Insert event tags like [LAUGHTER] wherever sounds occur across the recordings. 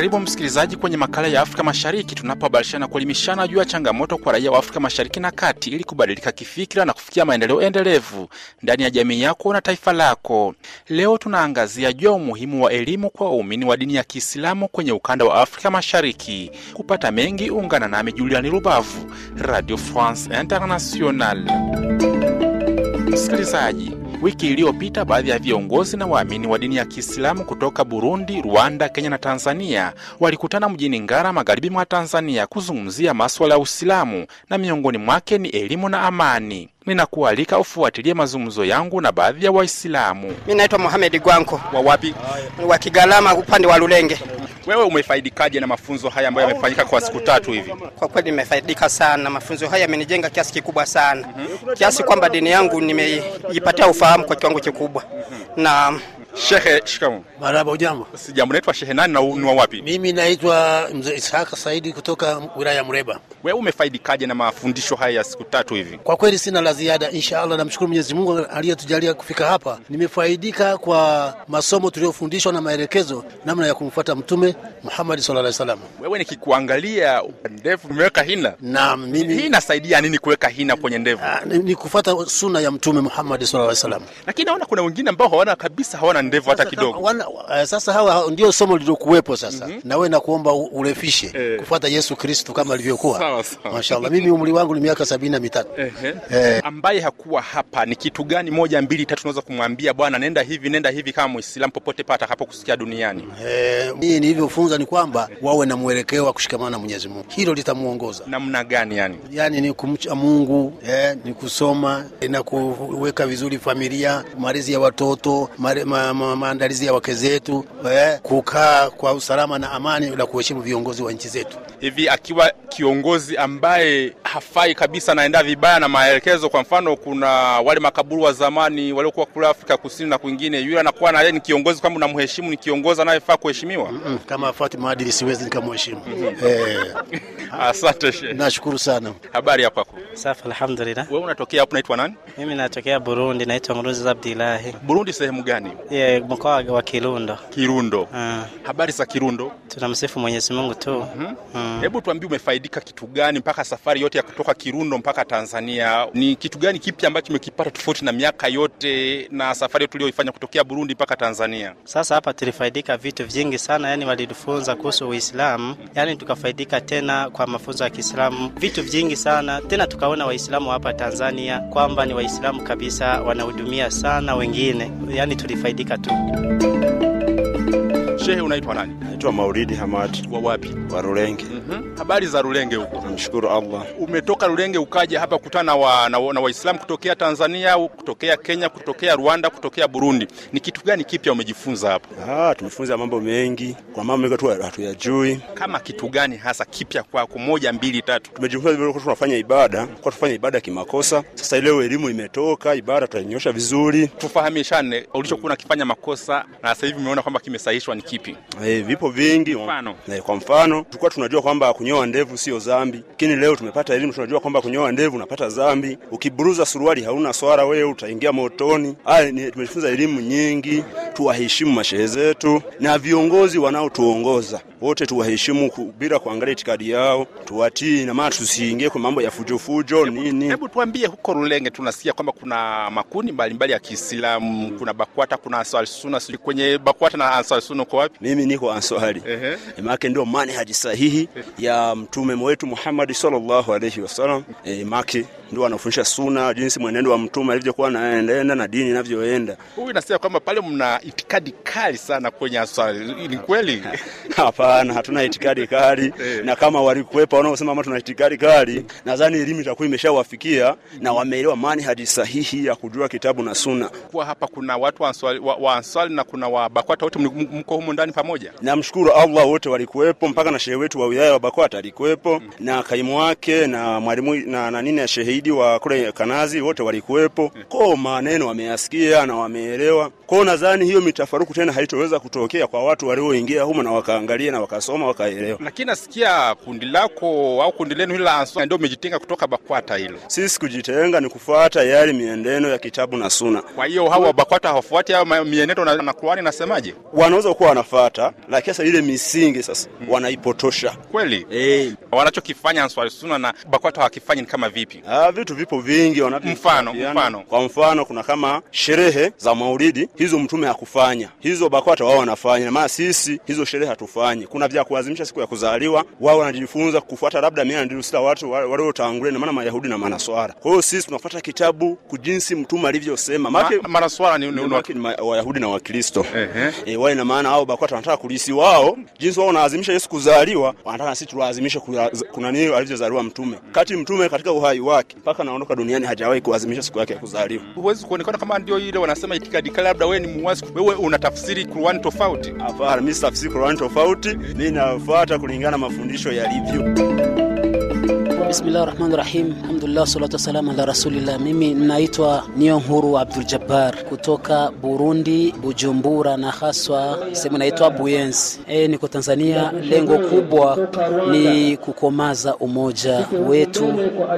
Karibu msikilizaji kwenye makala ya Afrika Mashariki tunapobadilishana na kuelimishana juu ya changamoto kwa raia wa Afrika Mashariki na Kati ili kubadilika kifikira na kufikia maendeleo endelevu ndani ya jamii yako na taifa lako. Leo tunaangazia juu ya umuhimu wa elimu kwa waumini wa dini ya Kiislamu kwenye ukanda wa Afrika Mashariki. Kupata mengi, ungana nami Juliani Rubavu, Radio France International. Msikilizaji, Wiki iliyopita baadhi ya viongozi na waamini wa dini ya Kiislamu kutoka Burundi, Rwanda, Kenya na Tanzania walikutana mjini Ngara, magharibi mwa Tanzania, kuzungumzia maswala ya Uislamu na miongoni mwake ni elimu na amani. Ninakualika ufuatilie mazungumzo yangu na baadhi ya Waislamu. mi naitwa muhamedi Gwanko. Wa wapi? Wa Kigalama, upande wa Lulenge. Wewe umefaidikaje na mafunzo haya ambayo yamefanyika kwa siku tatu hivi? Kwa kweli nimefaidika sana, mafunzo haya yamenijenga kiasi kikubwa sana mm -hmm. kiasi kwamba dini yangu nimeipatia ufahamu kwa kiwango kikubwa mm -hmm. na Shehe, shikamu. Marhaba, hujambo? Sijambo. Naitwa Shehe nani na ni wapi? Mimi naitwa Mzee Ishaka Saidi kutoka wilaya ya Mureba. Wewe umefaidikaje na mafundisho haya ya siku tatu hivi? Kwa kweli sina la ziada, inshallah namshukuru Mwenyezi Mungu aliyetujalia kufika hapa. Nimefaidika kwa masomo tuliyofundishwa na maelekezo namna ya kumfuata Mtume Muhammad sallallahu alaihi wasallam. Wewe nikikuangalia ndevu umeweka hina. Naam, mimi. Hii inasaidia nini kuweka hina kwenye ndevu? Ah, ni kufuata sunna ya Mtume Muhammad sallallahu alaihi wasallam. Lakini naona kuna wengine ambao hawana kabisa hawana hawana ndevu hata kidogo. Wana, eh, sasa hawa ndio somo lilokuwepo sasa mm -hmm. Nawe nakuomba urefishe eh, kufuata Yesu Kristo kama alivyokuwa. Mashaallah, mimi umri wangu ni miaka sabini na mitatu eh, eh. Eh. Ambaye hakuwa hapa ni kitu gani moja mbili tatu unaweza kumwambia bwana, nenda hivi nenda hivi, kama Muislamu popote pata hapo kusikia duniani? Eh, mimi nilivyofunza ni kwamba wawe na mwelekeo wa kushikamana na Mwenyezi Mungu, hilo litamuongoza namna gani? Yani, yani ni kumcha Mungu eh, ni kusoma eh, na kuweka vizuri familia, malezi ya watoto mare, ma, maandalizi ya wake zetu eh, kukaa kwa usalama na amani na kuheshimu viongozi wa nchi zetu hivi akiwa kiongozi ambaye hafai kabisa, anaenda vibaya na maelekezo. Kwa mfano, kuna wale makaburu wa zamani waliokuwa kule Afrika Kusini na kwingine, yule anakuwa na yeye ni kiongozi, kama unamheshimu, ni kiongozi anayefaa kuheshimiwa. Mm -mm, kama afuati maadili siwezi nikamheshimu. mm -hmm. Eh, [LAUGHS] asante shehe, nashukuru sana. Habari kwako? Safi, alhamdulillah. Wewe unatokea hapo, unaitwa nani? Mimi natokea Burundi, naitwa Nguruzi Abdillahi. Burundi, sehemu gani? Yeah, mkoa wa Kirundo. Kirundo. Mm. Habari za Kirundo? Tunamsifu Mwenyezi Mungu tu. Mm-hmm. mm -hmm. mm. Ah. Hebu tuambie umefaidika kitu gani mpaka safari yote ya kutoka Kirundo mpaka Tanzania? Ni kitu gani kipi ambacho umekipata tofauti na miaka yote na safari tuliyoifanya kutokea Burundi mpaka Tanzania? Sasa hapa tulifaidika vitu vingi sana, yani walitufunza kuhusu Uislamu, yani tukafaidika tena kwa mafunzo ya Kiislamu, vitu vingi sana tena, tukaona Waislamu hapa Tanzania kwamba ni Waislamu kabisa, wanahudumia sana wengine, yani tulifaidika tu. Shehe, unaitwa nani? Naitwa Maulidi Hamad. Wa wapi? Wa Rulenge. mm -hmm. Habari za Rulenge huko? Namshukuru Allah. Umetoka Rulenge ukaja hapa kukutana wa, na na Waislamu kutokea Tanzania, kutokea Kenya, kutokea Rwanda, kutokea Burundi. Ni kitu gani kipya umejifunza hapa? Ah, Tumefunza mambo mengi, kwa mambo mengi tu hatuyajui. Kama kitu gani hasa kipya kwako, moja, mbili, tatu? Tumejifunza vile tunafanya ibada, kwa tufanya ibada kimakosa. Sasa leo elimu imetoka, ibada tutanyosha vizuri. Tufahamishane ulichokuwa unakifanya makosa na sasa hivi umeona kwamba kimesahihishwa ni kipi? vipi? Eh, vipo vingi. Mfano. Eh, kwa mfano tulikuwa tunajua kwamba kunyoa ndevu sio zambi lakini leo tumepata elimu, tunajua kwamba kunyoa ndevu unapata zambi Ukiburuza suruali hauna swala, wewe utaingia motoni. Haya, tumejifunza elimu nyingi tuwaheshimu mashehe zetu na viongozi wanaotuongoza wote, tuwaheshimu bila kuangalia itikadi yao, tuwatii na maana tusiingie kwa mambo ya fujofujo fujo, nini. Hebu tuambie, huko Rulenge tunasikia kwamba kuna makundi mbalimbali ya Kiislamu, kuna BAKWATA, kuna Answari Sunna. Kwenye BAKWATA na Answari uko wapi? Mimi niko uh -huh. Make ndio manhaji sahihi ya mtume wetu Muhammad sallallahu alaihi wasallam. E, eh, make ndio wanafundisha suna, jinsi mwenendo wa mtume alivyokuwa anaenda na dini inavyoenda. Huyu inasema kwamba pale mna itikadi kali sana kwenye aswali, ni [LAUGHS] kweli? Hapana, hatuna itikadi kali [LAUGHS] eh. na kama walikuwepa wanaosema kama tuna itikadi kali, nadhani elimu itakuwa imeshawafikia na wameelewa maana hadi sahihi ya kujua kitabu na suna. Kwa hapa kuna watu wa Answali na kuna wabakwata wote mko humo ndani pamoja. Namshukuru Allah, wote walikuwepo, mpaka na shehe wetu wa wilaya wa Bakwata alikuwepo mm. na kaimu wake na mwalimu na, na nini ya shehe mashahidi wa kule Kanazi wote walikuwepo, Kwa maneno wameyasikia na wameelewa. Kwa nadhani hiyo mitafaruku tena haitoweza kutokea kwa watu walioingia humo na wakaangalia na wakasoma wakaelewa. Lakini nasikia kundi lako au kundi lenu hilo la ndio umejitenga kutoka BAKWATA. Hilo sisi kujitenga ni kufuata yale miendeno ya kitabu na Suna. Kwa hiyo hao wa BAKWATA hawafuati hayo mienendo na, na Qur'ani nasemaje, wanaweza kuwa wanafuata, lakini sasa ile misingi sasa hmm, wanaipotosha kweli. Eh. wanachokifanya Answari Suna na BAKWATA hawakifanyi ni kama vipi? ah, vitu vipo vingi wanavyo. Mfano, mfano kwa mfano kuna kama sherehe za Maulidi, hizo mtume hakufanya hizo, BAKWATA wao wanafanya, maana sisi hizo sherehe hatufanyi. Kuna vya kuazimisha siku ya kuzaliwa, wao wanajifunza kufuata labda mia ndiyo sita watu waliotangulia, na maana Mayahudi na Manaswara. Kwa hiyo sisi tunafuata kitabu kujinsi mtume alivyosema, maana Manaswara ni ni, Wayahudi na Wakristo e, wao ina maana hao BAKWATA wanataka kulisi wao jinsi wao wanaazimisha Yesu kuzaliwa, wanataka sisi tuadhimishe kuna nini alivyozaliwa mtume, kati mtume katika uhai wake mpaka naondoka duniani hajawahi kuazimisha siku yake ya kuzaliwa. Huwezi kuonekana kama ndio ile wanasema itikadi kali, labda wewe ni muwasi, wewe unatafsiri Qur'an tofauti. Hapana, mimi sitafsiri Qur'an tofauti, mimi nafuata kulingana mafundisho yalivyo. Bismillah rahmani rahim, alhamdulillah salatu wassalamu ala rasulillah. Mimi naitwa Nionhuru Abdul Jabbar kutoka Burundi, Bujumbura na haswa sehemu inaitwa Buyenzi. E, niko Tanzania. Lengo kubwa ni kukomaza umoja wetu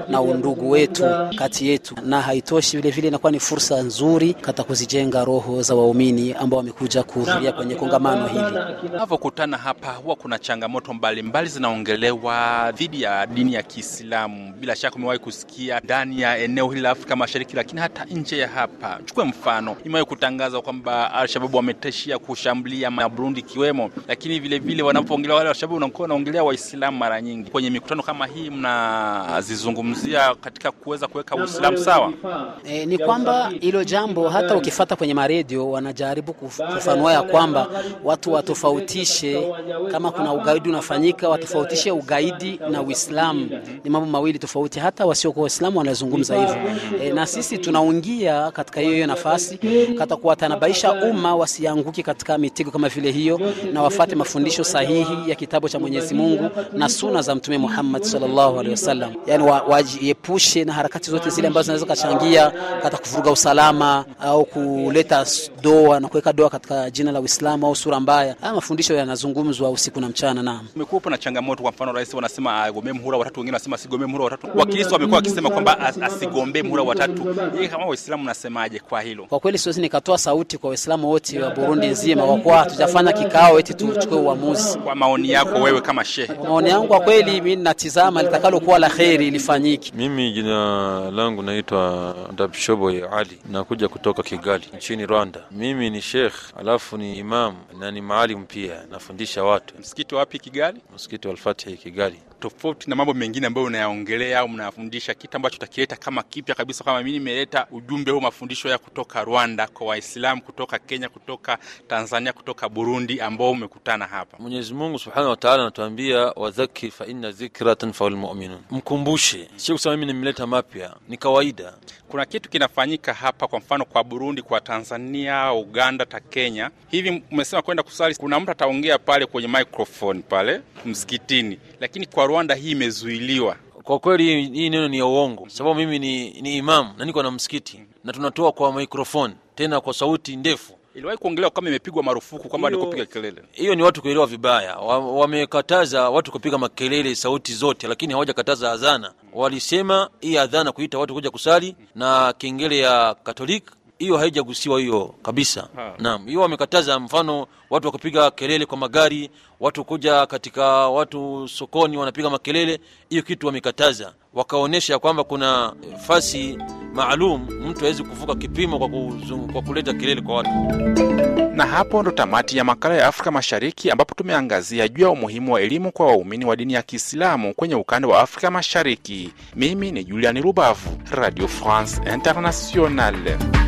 na undugu wetu kati yetu, na haitoshi vilevile, inakuwa ni fursa nzuri kata kuzijenga roho za waumini ambao wamekuja kuhudhuria kwenye kongamano hili. Tunapokutana hapa, huwa kuna changamoto mbalimbali zinaongelewa dhidi ya dini ya kisi Uislamu. Bila shaka umewahi kusikia ndani ya eneo hili la Afrika Mashariki, lakini hata nje ya hapa. Chukue mfano, imewahi kutangaza kwamba Alshababu wametishia kushambulia na Burundi ikiwemo, lakini vilevile wanapoongelea wale Alshababu unakuwa unaongelea Waislamu. Mara nyingi kwenye mikutano kama hii mnazizungumzia katika kuweza kuweka Uislamu sawa. E, ni kwamba hilo jambo hata ukifata kwenye maredio wanajaribu kufafanua ya kwamba watu watofautishe, kama kuna ugaidi unafanyika watofautishe ugaidi na Uislamu. Ni mambo mawili tofauti, hata wasiokuwa Waislamu wanazungumza hivyo e, na sisi tunaungia katika hiyo hiyo nafasi kata kuwatanabaisha umma wasianguke katika mitego kama vile hiyo, na wafate mafundisho sahihi ya kitabu cha Mwenyezi Mungu na suna za Mtume Muhammad sallallahu alaihi wasallam, yani wajiepushe wa na harakati zote zile ambazo zinaweza kachangia kata kuvuruga usalama au kuleta doa na kuweka doa katika jina la Uislamu au sura mbaya. Haya mafundisho yanazungumzwa usiku na mchana. Naam, umekuwa na changamoto, kwa mfano rais wanasema agombee ah, muhula watatu, wengine wanasema asigombee muhula watatu. Wakristo wamekuwa wakisema kwamba asigombee muhula watatu. Yeye kama Waislamu unasemaje kwa hilo? Kwa kweli siwezi nikatoa sauti kwa Waislamu wote wa Burundi nzima kwa kuwa hatujafanya kikao eti tuchukue uamuzi. Kwa maoni yako wewe kama shehe? Maoni yangu kwa kweli, mimi natizama litakalokuwa la kheri lifanyike. Mimi jina langu naitwa ya Ali, nakuja kutoka Kigali nchini Rwanda. Mimi ni sheikh alafu ni imam na ni maalim pia, nafundisha watu. Msikiti wapi Kigali? Msikiti wa Kigali tofauti na mambo mengine ambayo unayaongelea au mnayafundisha, kitu ambacho utakileta kama kipya kabisa, kama mimi nimeleta ujumbe huu, mafundisho ya kutoka Rwanda kwa Waislamu kutoka Kenya, kutoka Tanzania, kutoka Burundi ambao umekutana hapa? Mwenyezi Mungu Subhanahu wa Ta'ala anatuambia wadhakir fa inna dhikra tanfaul mu'minun, mkumbushe. Sio kusema mimi nimeleta mapya, ni kawaida. Kuna kitu kinafanyika hapa, kwa mfano kwa Burundi, kwa Tanzania, Uganda ta Kenya. Hivi umesema kwenda kusali, kuna mtu ataongea pale kwenye microphone pale msikitini lakini kwa Rwanda hii imezuiliwa. Kwa kweli hii neno ni ya uongo, sababu mimi ni, ni imamu na niko na msikiti na tunatoa kwa mikrofoni tena kwa sauti ndefu. Iliwahi kuongelewa kama imepigwa marufuku kwamba ni kupiga kelele. Hiyo ni watu kuelewa vibaya. Wamekataza watu kupiga makelele sauti zote, lakini hawajakataza adhana. Walisema hii adhana kuita watu kuja kusali na kengele ya Katoliki hiyo haijagusiwa hiyo kabisa. Naam, hiyo wamekataza. Mfano watu wakupiga kelele kwa magari, watu kuja katika watu sokoni wanapiga makelele, hiyo kitu wamekataza, wakaonyesha kwamba kuna fasi maalum mtu hawezi kuvuka kipimo kwa, kwa kuleta kelele kwa watu. Na hapo ndo tamati ya makala ya Afrika Mashariki ambapo tumeangazia juu ya umuhimu wa elimu kwa waumini wa dini ya Kiislamu kwenye ukanda wa Afrika Mashariki. Mimi ni Juliani Rubavu, Radio France Internationale.